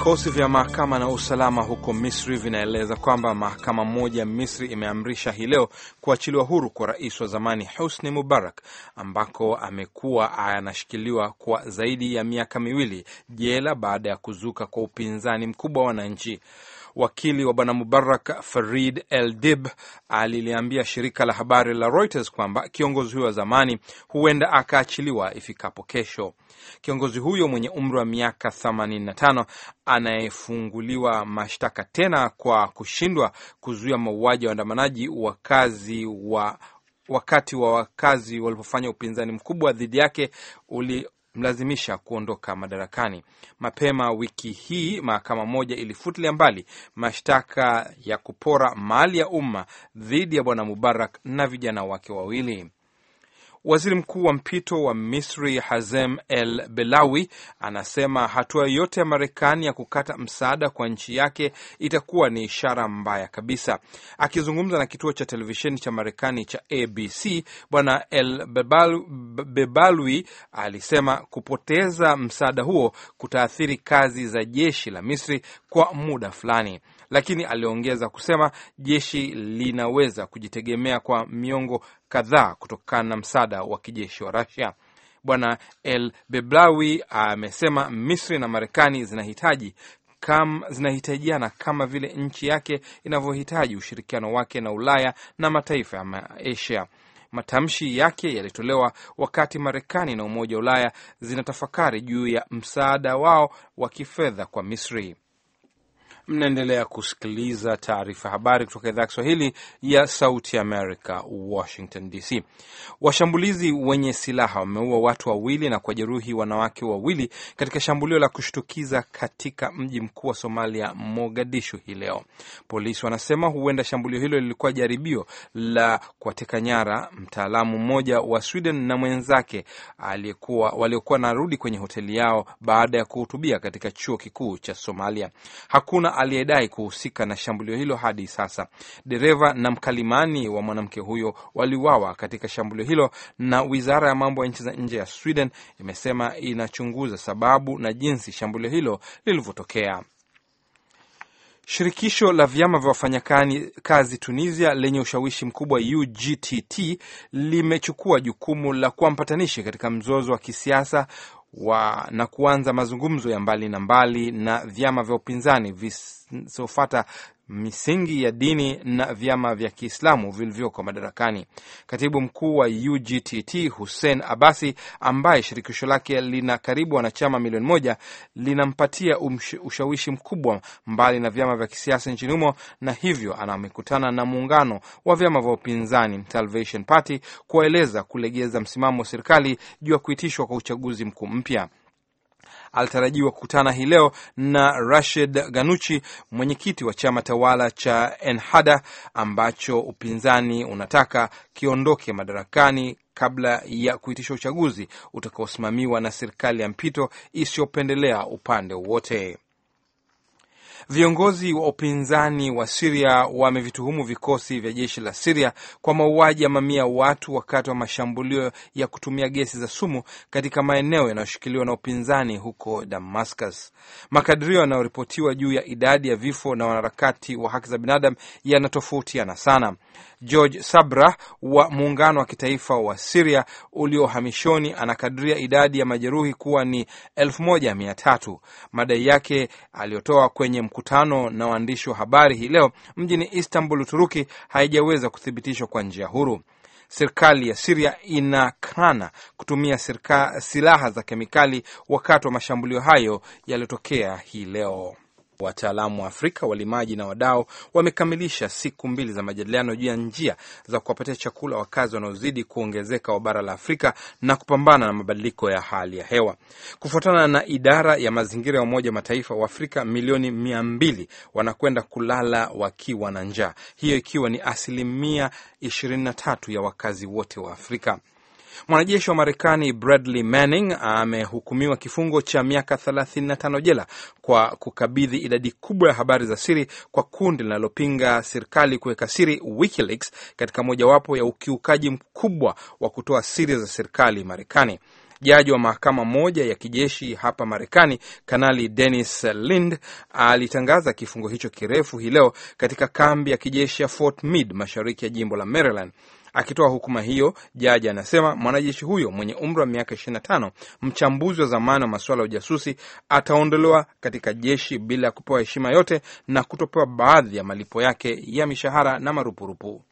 Vikosi vya mahakama na usalama huko Misri vinaeleza kwamba mahakama moja Misri imeamrisha hii leo kuachiliwa huru kwa rais wa zamani Husni Mubarak, ambako amekuwa anashikiliwa kwa zaidi ya miaka miwili jela baada ya kuzuka kwa upinzani mkubwa wa wananchi wakili wa bwana Mubarak Farid El Dib aliliambia shirika la habari la Reuters kwamba kiongozi huyo wa zamani huenda akaachiliwa ifikapo kesho. Kiongozi huyo mwenye umri wa miaka 85 anayefunguliwa mashtaka tena kwa kushindwa kuzuia mauaji ya waandamanaji wakazi wa wakati wa wakazi walipofanya upinzani mkubwa dhidi yake uli mlazimisha kuondoka madarakani. Mapema wiki hii mahakama moja ilifutilia mbali mashtaka ya kupora mali ya umma dhidi ya bwana Mubarak na vijana wake wawili. Waziri mkuu wa mpito wa Misri Hazem El Belawi anasema hatua yoyote ya Marekani ya kukata msaada kwa nchi yake itakuwa ni ishara mbaya kabisa. Akizungumza na kituo cha televisheni cha Marekani cha ABC, Bwana El Bebalwi alisema kupoteza msaada huo kutaathiri kazi za jeshi la Misri kwa muda fulani, lakini aliongeza kusema jeshi linaweza kujitegemea kwa miongo kadhaa kutokana na msaada wa kijeshi wa Russia. Bwana El Beblawi amesema Misri na Marekani zinahitaji kam, zinahitajiana kama vile nchi yake inavyohitaji ushirikiano wake na Ulaya na mataifa ya Asia. Matamshi yake yalitolewa wakati Marekani na Umoja wa Ulaya zinatafakari juu ya msaada wao wa kifedha kwa Misri. Mnaendelea kusikiliza taarifa habari kutoka idhaa ya Kiswahili ya Sauti america Washington DC. Washambulizi wenye silaha wameua watu wawili na kuwajeruhi wanawake wawili katika shambulio la kushtukiza katika mji mkuu wa Somalia, Mogadishu, hii leo. Polisi wanasema huenda shambulio hilo lilikuwa jaribio la kuwateka nyara mtaalamu mmoja wa Sweden na mwenzake aliyekuwa waliokuwa narudi kwenye hoteli yao baada ya kuhutubia katika chuo kikuu cha Somalia. Hakuna hakuna aliyedai kuhusika na shambulio hilo hadi sasa. Dereva na mkalimani wa mwanamke huyo waliuawa katika shambulio hilo, na wizara ya mambo ya nchi za nje ya Sweden imesema inachunguza sababu na jinsi shambulio hilo lilivyotokea. Shirikisho la vyama vya wafanyakazi Tunisia lenye ushawishi mkubwa UGTT limechukua jukumu la kuwa mpatanishi katika mzozo wa kisiasa wa na kuanza mazungumzo ya mbali na mbali na vyama vya upinzani visofata misingi ya dini na vyama vya Kiislamu vilivyoko madarakani. Katibu mkuu wa UGTT Hussein Abasi, ambaye shirikisho lake lina karibu wanachama milioni moja, linampatia ushawishi mkubwa mbali na vyama vya kisiasa nchini humo, na hivyo anamekutana na muungano wa vyama vya upinzani Salvation Party kuwaeleza kulegeza msimamo wa serikali juu ya kuitishwa kwa uchaguzi mkuu mpya alitarajiwa kukutana hii leo na Rashid Ganuchi, mwenyekiti wa chama tawala cha Ennahda ambacho upinzani unataka kiondoke madarakani kabla ya kuitisha uchaguzi utakaosimamiwa na serikali ya mpito isiyopendelea upande wowote. Viongozi wa upinzani wa Siria wamevituhumu vikosi vya jeshi la Siria kwa mauaji ya mamia watu wakati wa mashambulio ya kutumia gesi za sumu katika maeneo yanayoshikiliwa na upinzani huko Damascus. Makadirio yanayoripotiwa juu ya idadi ya vifo na wanaharakati wa haki za binadamu yanatofautiana sana. George Sabra wa muungano wa kitaifa wa Siria uliohamishoni anakadiria idadi ya majeruhi kuwa ni elfu moja mia tatu, madai yake aliyotoa kwenye mkutano na waandishi wa habari hii leo mjini Istanbul, Uturuki, haijaweza kuthibitishwa kwa njia huru. Serikali ya Siria inakana kutumia sirka, silaha za kemikali wakati wa mashambulio hayo yaliyotokea hii leo. Wataalamu wa Afrika, walimaji na wadau wamekamilisha siku mbili za majadiliano juu ya njia za kuwapatia chakula wakazi wanaozidi kuongezeka wa bara la Afrika na kupambana na mabadiliko ya hali ya hewa. Kufuatana na idara ya mazingira ya Umoja wa Mataifa, Waafrika milioni mia mbili wanakwenda kulala wakiwa na njaa, hiyo ikiwa ni asilimia 23 ya wakazi wote wa Afrika. Mwanajeshi wa Marekani Bradley Manning amehukumiwa kifungo cha miaka 35 jela kwa kukabidhi idadi kubwa ya habari za siri kwa kundi linalopinga serikali kuweka siri WikiLeaks, katika mojawapo ya ukiukaji mkubwa wa kutoa siri za serikali Marekani. Jaji wa mahakama moja ya kijeshi hapa Marekani, Kanali Dennis Lind alitangaza kifungo hicho kirefu hii leo katika kambi ya kijeshi ya Fort Meade mashariki ya jimbo la Maryland. Akitoa hukuma hiyo, jaji anasema mwanajeshi huyo mwenye umri wa miaka 25, mchambuzi wa zamani wa masuala ya ujasusi, ataondolewa katika jeshi bila ya kupewa heshima yote na kutopewa baadhi ya malipo yake ya mishahara na marupurupu.